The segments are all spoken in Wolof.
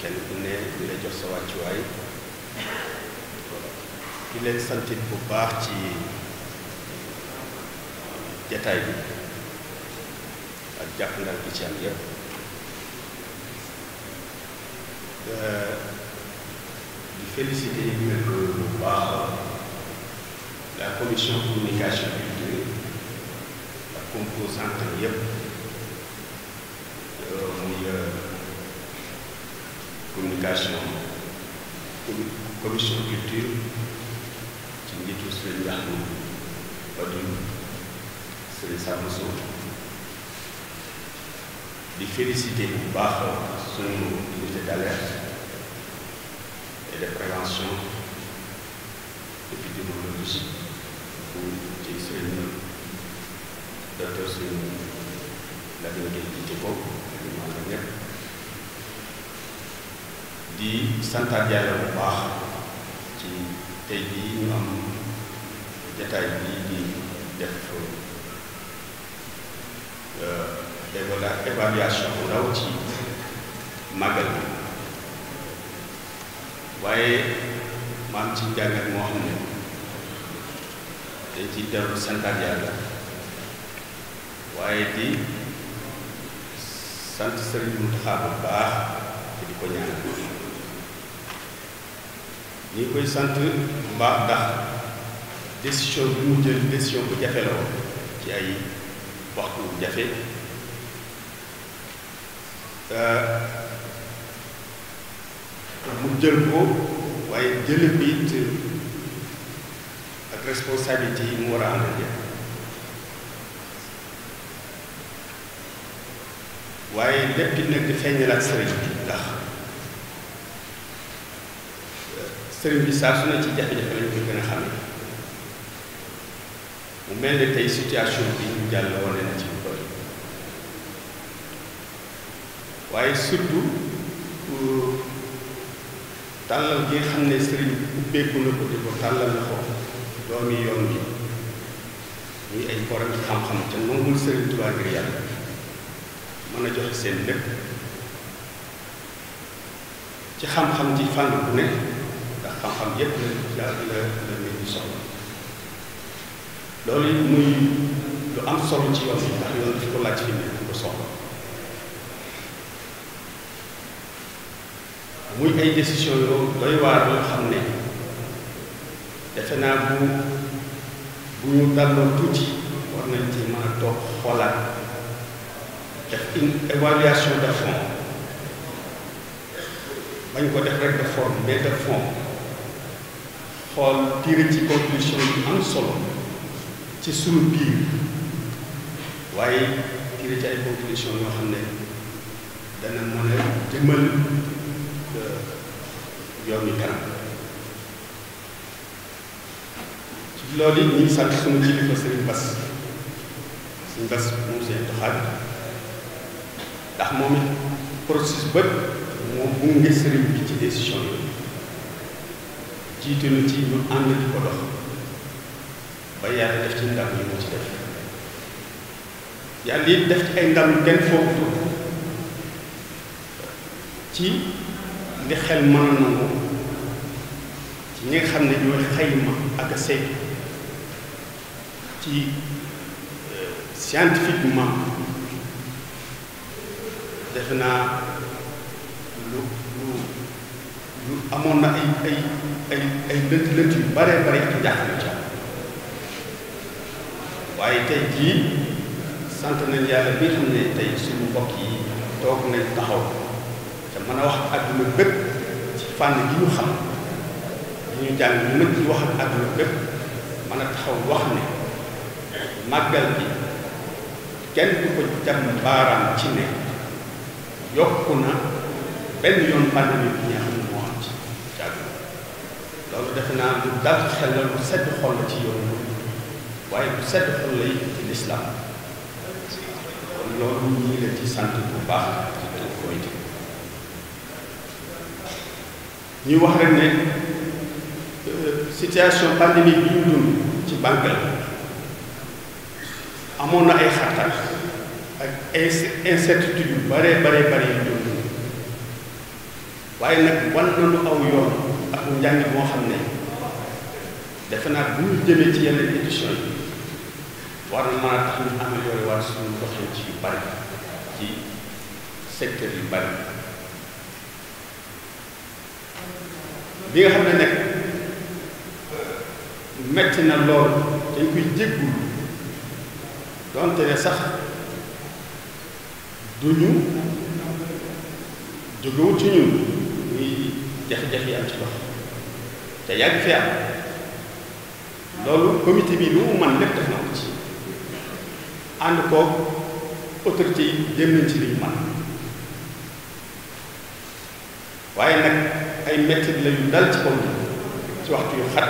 kenn ku ne di la jox sa wàccuwaay ki leen santit bu baax ci jataay bi ak jàppandal bi ci am yépp euh, di félicité yi mel bu baax la commission communication culture ak composante yépp euh, muy euh, communication commission culture ci njiitu sëriñ wax na badul sëriñ Sabuso di félicité bu baax suñu unité d'alerte et prévention épidémiologie bu ci sëriñ docteur ko ak di santaat yàlla bu baax ci tey jii ñu jataay bii di def euh, évala évaluation bu ndaw ci màggal bi waaye maam ci njàngat moo xam dañ ci dellu santaat yàlla waaye di sant Sëriñ Muntaxa baax te di ko ñaanal ñu koy sant bu ndax décision bi mu jël décision bu jafe la woon ci ay waxtu jafe euh, mu jël ko waaye jële bi it ak responsabilité yi mu war a àndal waaye lépp it nag di feeñal ak sëriñ ndax sëriñ bi saa su ne ci jafe-jafe lañ gën a xam mu mel ne tey situation bi ñu jàll wane na ci lu bëri waaye surtout euh, tàllal gi xam ne sëriñ bi ubbeeku na ko di tàllal na ko doomi yoon bi muy ay borom xam-xam ca nangul sëriñ Tuubaa yàlla mën a joxe seen lépp ci xam-xam ci fànn bu nekk xam-xam yépp la la la muy lu am solo ci yoon yi ndax yoon daf ko laaj fi mu ko soxla muy ay décision yoo doy waar yoo xam ne defe naa bu bu ñu dalloo tuuti war nañ ci mën a toog xoolaat def une évaluation de fond bañ ko def rek de forme mais fond xool tiré ci conclusion yu am solo ci sunu biir waaye tiré ci ay conclusion yoo xam ne dana mën a jëmal euh, yoon yi kanam ci loolu it ñu ngi sant sunu kilifa Serigne Bass Serigne Bass moom seen doxaat ndax moom it processus bëpp moo gunge Serigne bi ci décision jiite na ci ñu ànd di ko dox ba yàlla def ci ndam yi mu ci def yàlla it def ci ay ndam kenn foofu ci li xel mën a nangu ci nga xam ne ñooy xayma ak saytu ci euh, scientifiquement defe naa lu lu amoon na ay ay ay lët lënt yu baree bare ci jaaxle ci waaye tey jii sant nañ yàlla bi xam ne tey suñu mbokk yi toog nañ taxaw te mën a wax ak àdduna bépp ci fànn gi ñu xam yi ñu jàng ñu mën ci wax ak bépp mën a taxaw wax ne màggal bi kenn du ko jam baaraam ci ne yokku na benn yoon pandémie bi ñeex loolu defe naa lu dal xel la lu sedd xol la ci yoon waaye lu sedd xol la it ci lislaam kon loolu ñu ngi leen ci sant bu baax ci tënk koy ji ñuy wax rek ne euh, situation pandémique bi ñu dund ci Bakel amoon na ay xattar ak incertitude yu bare bare bare yu dund waaye nag wan na aw yoon ak njàng moo xam ne defe naa bu ñu jëmee ci yenn édition yi war na mën a tax ñu amélioré suñu doxin ci yu bari ci secteur yu bari bi nga xam ne nekk metti na lool dañ koy jéggul donte ne sax du ñu jafe-jafe yi am ci ndox te yàgg fee am loolu comité bi lu mu mën lépp def na ko ci ànd koog autorité yi dem nañ ci li waaye nag ay métti la yu dal ci kaw ci waxtu yu xat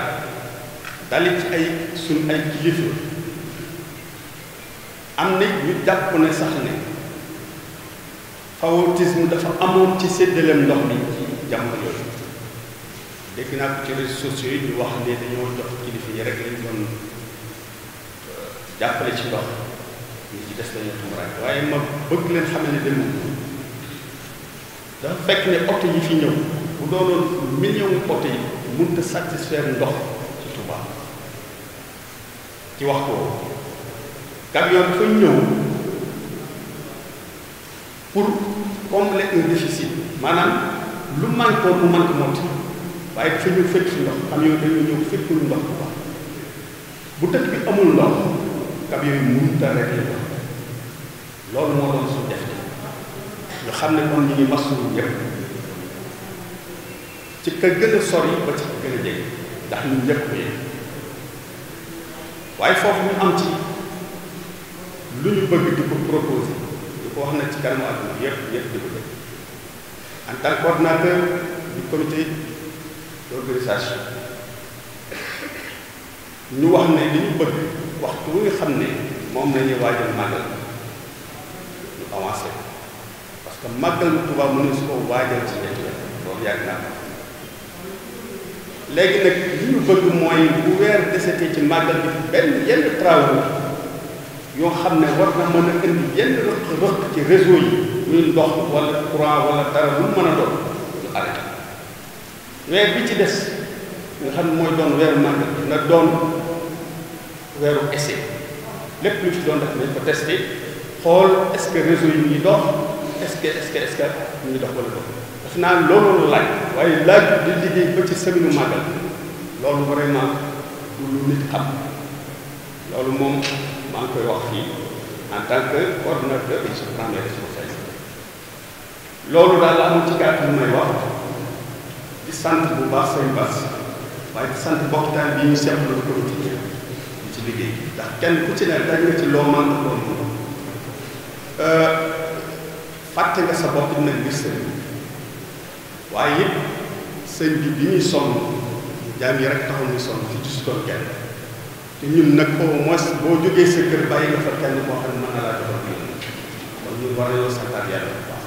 dalit ci ay suñ ay kilifa am na ñu jàpp ne sax ne favoritisme dafa amoon ci séddaleem ndox mi jamono yooyu dégg naa ko ci réseaux sociaux yi ñu wax ne dañoo jox kilifa yi rek lañ doon euh, jàppale ci ndox ñi ci des dañoo tumuraay waaye ma bëgg leen xam ne demul dafa fekk ne oto yi fi ñëw bu doonoon million oto yi mënta satisfaire ndox ci Touba ci waxtu woowu camion dafa ñëw pour combler un déficit maanaam lu man ko mu man ko motti waaye suñu fekk si ndox xam yooyu dañu ñëw fekkul ndox bu baax bu dëkk bi amul ndox kam yooyu mënut a loolu moo doon suñu def ñu xam ne moom ñu ngi masulu ñëpp ci ka gën a sori ba ci ka gën a ndax ñun ñëpp ko waaye foofu ñu am ci lu ñu bëgg di ko proposé di ko wax na ci kanamu àdduna yëpp yëpp di ko def en tant que coordinateur d'organisation ñu wax ne li ñu bëgg waxtu wi nga xam ne moom la waajal màggal ñu avancé parce que màggal mu Tuubaa mënuñ su ko waajal ci ñetti weer boobu yàgg naa ko léegi nag li ñu bëgg mooy bu desetee ci màggal bi benn yenn travaux yoo xam ne war na mën a indi yenn rëq-rëq ci réseau yi muy ndox wala courant wala dara lu mën a doon ñu arrêté weer bi ci des nga xam ne mooy doon weeru màggal na doon weeru essai lépp lu ci doon def nañ ko testé xool est-ce que réseau yi ñuy dox est-ce que est-ce que est-ce naa loolu laaj waaye laaj di liggéey ba ci semaine màggal loolu vraiment du lu nit xam loolu moom maa koy wax fii en tant que coordonnateur je prends mes responsabilités loolu daal la am ci gàtt lu may wax di sant bu baax sëñ Bass waaye di sant boxtaan bi ñu seetlu lu quotidien di ci liggéey ndax ku ci ne ci loo manque loolu euh, moom fàtte nga sa bopp nag ngir sëñ bi waaye it sëñ bi bi ñuy sonn jaam yi rek taxul ñu sonn ci gis doon kenn te ñun nag au moins boo jógee sa kër bàyyi nga fa kenn xam mën na laa defar bi kon ñu war nañoo santaat yàlla bu baax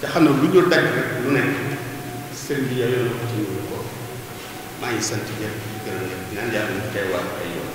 te xam ne lu ñu daj rek lu nekk sëñ bi yooyu la ko ci ñu maa ngi sant ñëpp di gërëm ñëpp ñaan yàlla ñu teewaat ay yoon